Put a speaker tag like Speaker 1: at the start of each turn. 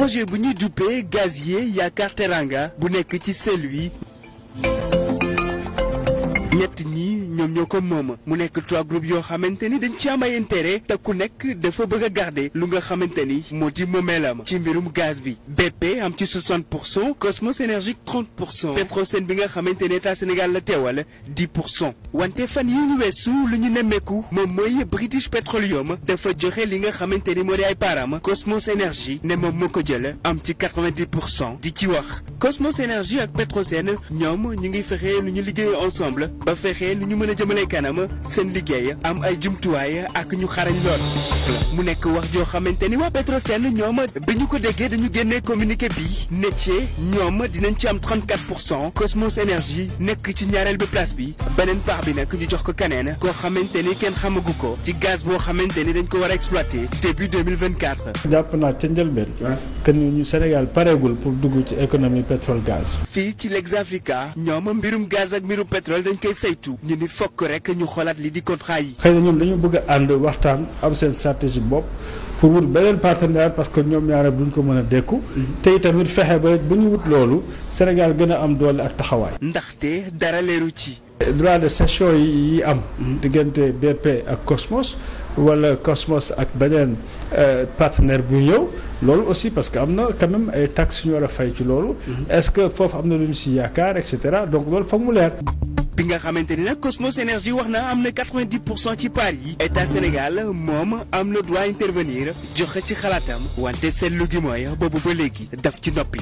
Speaker 1: projet bu ñuy duppee gazier yaakaar teranga bu nekk ci saint ñoom ñoo ko mooma mu nekk trois groupes yoo xamante dañ ci am ay intérêt te nekk dafa bëgg a lu nga xamante ni moo di moomeelam ci mbirum gaz bi BP am ci 60 pour cent Cosmos Énergie 30 Petrosen bi nga xamante ne état Sénégal la teewal 10 pour cent wante fan yi ñu weesu lu ñu nemmeeku moom mooy British Petroleum dafa joxe li nga xamante ni moo di ay param Cosmos Énergie ne moom moo ko jël am ci 90 pour cent di ci wax Cosmos Énergie ak Petrosen ñoom ñu ngi fexe nu ñu liggéey gën a jëmale kanam seen liggéey am ay jumtuwaay ak ñu xarañ lool mu nekk wax joo xamante ni waa Petrosen ñoom bi ñu ko déggee dañu génnee communiqué bi Netshe ñoom dinañ ci am 34 pour cent Cosmos Energy nekk ci ñaareel bi place bi beneen part bi nag ñu jox ko keneen koo xamante ni kenn xamagu ko ci gaz boo xamante ni dañ ko war a exploité début 2024.
Speaker 2: jàpp naa ca njëlbeen. que ñu Sénégal pareegul pour dugg ci économie pétrole gaz.
Speaker 1: fii ci L'ex Africa ñoom mbirum gaz ak mbirum pétrole dañ koy saytu ñu ni fokk rek ñu xoolaat li di contrat yi.
Speaker 2: xëy na ñoom dañoo bëgg a ànd waxtaan am seen stratégie bopp pour wut beneen partenaire parce que ñoom ñaareel duñ ko mën a dékku. Mhm. te tamit fexe ba bu ñu wut loolu Sénégal gën a am doole ak taxawaay. ndaxte dara leeru ci. droit de cession yi am. Mhm. diggante BP ak Cosmos. wala Cosmos ak beneen euh, partenaire bu ñëw loolu aussi parce que am na quand ay taxes yu ñu fay ci loolu. Mhm. est-ce que foofu am na lu ñu si yaakaar et donc
Speaker 1: bi nga xamante ni nag Cosmos Energy wax na am na 90 pour cent ci part yi état Sénégal moom am na droit intervenir joxe ci xalaatam wante seet seetlu gi mooy boobu ba léegi daf ci noppi.